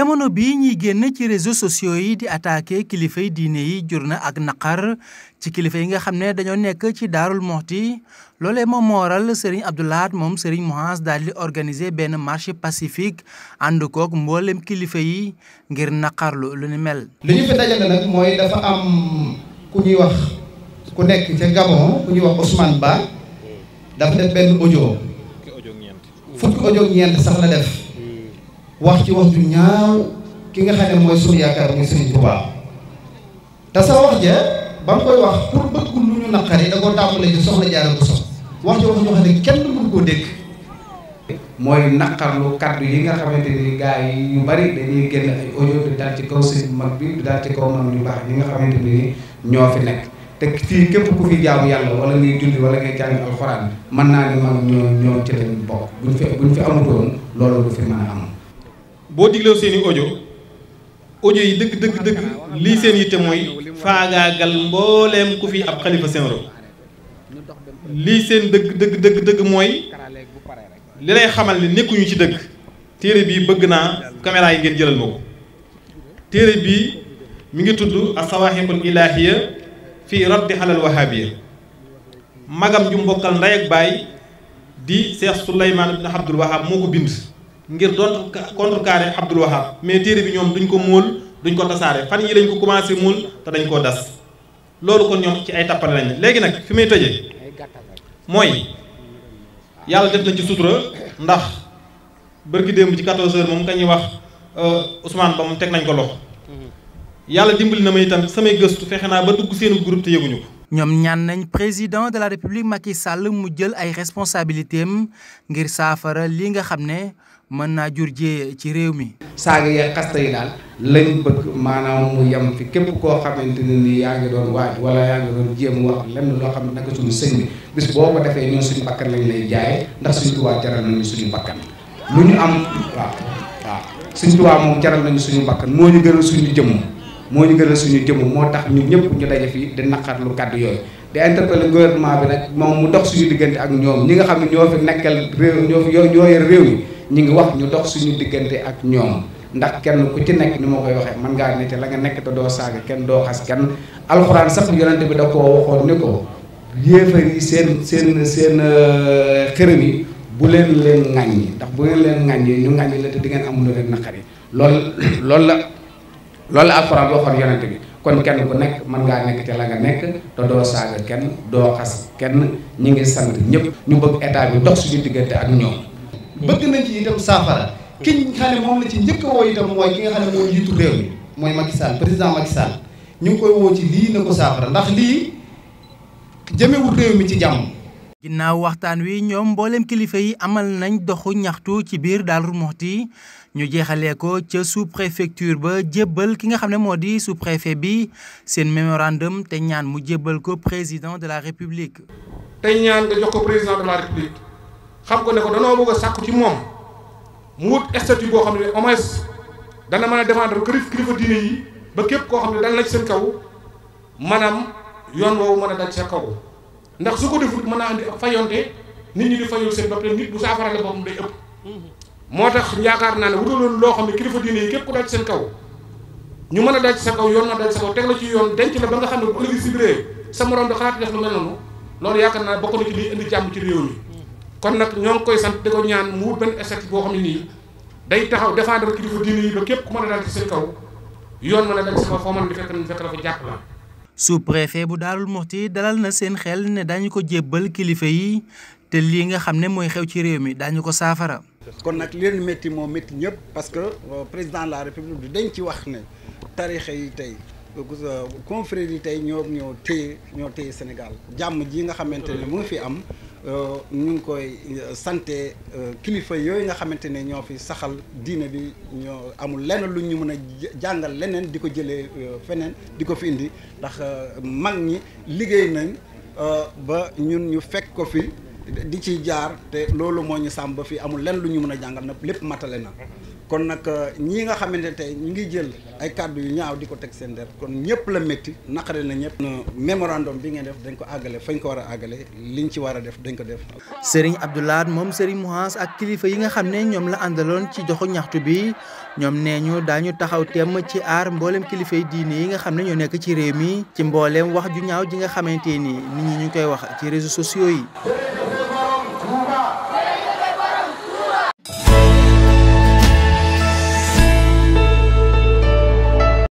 jamono bi ñuy génn ci réseau sociaux yi di attaqué kilifay diine yi jur na ak naqar ci kilifa yi nga xam ne dañoo nekk ci daarul moxti loole moom moo waral Serigne moom Serigne Mountakha daal di organiser benn marche pacifique ànd koog mboolem kilifa yi ngir naqar lu ni mel. li ñu fi dajale nag mooy dafa am ku ñuy wax ku nekk ca Gabon ku ñuy wax Ousmane Ba dafa def benn audio. fukki audio ñeent sax la def. wax ci wax ju ñaaw ki nga xam ne mooy sunu yaakaar muy Sëriñ Tuubaa te sa wax ja ba mu koy wax pour bëggul lu ñu naqari da koo tàmbalee ci soxna Jaara Buso wax ja wax joo xam ne kenn mënu koo dégg mooy naqarlu kaddu yi nga xamante ni gaa yi yu bari dañuy génn ay audio di daal ci kaw sëñ mag bi di daal ci kaw mag yu baax yi nga xamante ni ñoo fi nekk te fii képp ku fi jaamu yàlla wala ngay julli wala ngay jàng alxuraan mën naa ni mag ñoo ñoo ci fi buñ fi amutoon loolu du boo digloo seen i audio yi dëgg dëgg dëgg lii seen yitte mooy faagaagal mbooleem ku fi ab xalifa seen ro lii seen dëgg dëgg dëgg dëgg mooy li lay xamal ne nekkuñu ci dëgg téere bii bëgg naa caméra yi ngeen jëlal moo ko téere bii mi ngi tudd asawaaxiqul ilaahiya fii raddi xalal wahaabiya magam ju mbokkal ndey ak baay di Cheikh Souleymane ibn Abdul Wahab moo ko bind ngir doon contrecarrer Abdul Wahab mais téere bi ñoom duñ ko móol duñ ko tasaare fan yi lañ ko commencé móol te dañ koo das loolu kon ñoom ci ay tappale lañ léegi nag fi may tëjee mooy yàlla def na ci sutura ndax bërki démb ci 14 heures moom kañuy wax euh, Ousmane ba mu teg nañ ko loxo mhm. yàlla dimbali na ma itam samay gëstu fexe naa ba dugg seen groupe te yëguñu ko ñoom ñaan nañ président de la république Macky Sall mu jël ay responsabilités am ngir saafara li nga xam ne mën naa jur jee ci réew mi. saaga ya xasta yi daal lañ bëgg maanaam mu yem fi képp koo xamante ne ni yaa ngi doon waaj wala yaa ngi doon jéem wax lenn loo xam ne naka suñu sëñ mi bis boo ko defee ñun suñu bakkan lañ lay jaayee ndax suñu tubaab jaral nañu suñu bakkan lu ñu am waaw waaw suñu tubaab moom jaral nañu suñu bakkan moo ñu gënal suñu jëmm. moo ñu gënal suñu jëmm moo tax ñun ñëpp ñu daje fii di naqarlu kàddu yooyu di interpeller gouvernement bi nag moom mu dox suñu diggante ak ñoom ñi nga xam ne ñoo fi nekkal réew ñoo fi ñoo réew mi ñu ngi wax ñu dox suñu diggante ak ñoom ndax kenn ku ci nekk ni ma koy waxee man ngaa ne la nga nekk te doo saaga kenn doo xas kenn alxuraan sax yonente bi da koo waxoon ni ko yéefar yi seen seen seen euh, xërëm yi bu leen leen yi ndax bu leen leen ŋàññi ñu ŋàññi la te di ngeen amul leen naqar yi loolu loolu la loolu la alxuraan waxoon yonente bi kon kenn bu nekk mën ngaa nekk te la nga nekk te doo saaga kenn doo xas kenn ñu ngi sant ñëpp ñu bëgg état bi dox suñu diggante ak ñoom. bëgg nañ ci itam saafara ki nga xam ne ci njëkk a woo itam mooy ki nga xam ne mooy njiitu réew mi mooy Macky président Macky ñu ngi koy woo ci lii na ko saafara ndax lii jëmewul réew mi ci jàmm. ginnaaw waxtaan wi ñoom mboolem kilifa yi amal nañ doxu ñaxtu ci biir Darou Mouhty ñu jeexale ko ca sous-préfecture ba jëbal ki nga xam ne moo di sous-préfet bi seen mémorandum te ñaan mu jébbal ko président de la république. tey ñaan ko président de la république xam ko ne ko danoo bëgg a sàkku ci moom mu wut statut boo xam ne au dana mën a défendre kilifa diine yi ba képp koo xam ne dal na seen kaw maanaam yoon woowu mën a sa kaw. ndax su ko defut mën naa andi ak fayonte nit ñi di fayul seen bopp te nit bu saafara la boppam day ëpp moo tax yaakaar naa ne wutaloon loo xam ne kilifa diine yi képp ku dal ci seen kaw ñu mën a dal ci sa kaw yoon mën a dal ci sa kaw ci yoon denc la ba nga xam ne bu ëllëgee sibree sa morom da xalaat def lu mel noonu loolu yaakaar naa bokk indi jàmm ci réew mi kon nag ñoo koy sant di ko ñaan mu wut benn boo xam ne nii day taxaw défendre kilifa diine yi ba képp ku mën a dal ci seen kaw yoon mën a dal ci sa kaw foo mën di fekk na la ko jàpp la su préfet bu Daarul Muxti dalal na seen xel ne dañu ko jébbal kilifa yi te lii nga xam ne mooy xew ci réew mi daañu ko saafara. kon nag leen métti moo métti ñëpp parce que euh, président de la république dañ ci wax ne tarixa yi tey euh, confrérie yi tey ñoo ñoo téye ñoo téye Sénégal jàmm ji nga xamante ne mu ngi fi am. Euh, ñu ngi koy euh, sante euh, kilifa yooyu nga xamante ne ñoo fi saxal diine bi ñoo amul lenn lu ñu mën a jàngal leneen di ko jëlee feneen di ko fi indi ndax mag ñi liggéey nañ ba ñun ñu fekk ko fi di ci jaar te loolu moo ñu sàmm ba fi amul lenn lu ñu mën a jàngal na lépp matale na kon nag euh, ñi nga xamante ne tey ñu ngi jël ay kàddu yu ñaaw di ko teg seen der kon ñëpp la métti naqare na ñëpp. Euh, mémorandum bi ngeen def dañ ko àggale fañ ko war a àggale ñu ci war a def dañ ko def. Serigne Abdou Lahad moom Serigne Mouhass ak kilifa yi nga xam ne ñoom la àndaloon ci joxu ñaxtu bi ñoom nee ñu daañu taxaw temm ci aar mboolem kilifa yi diine yi nga xam ne ñoo nekk ci réew mi ci mboolem wax ju ñaaw ji nga xamante nii nit ñi ñu koy wax ci réseaux sociaux yi.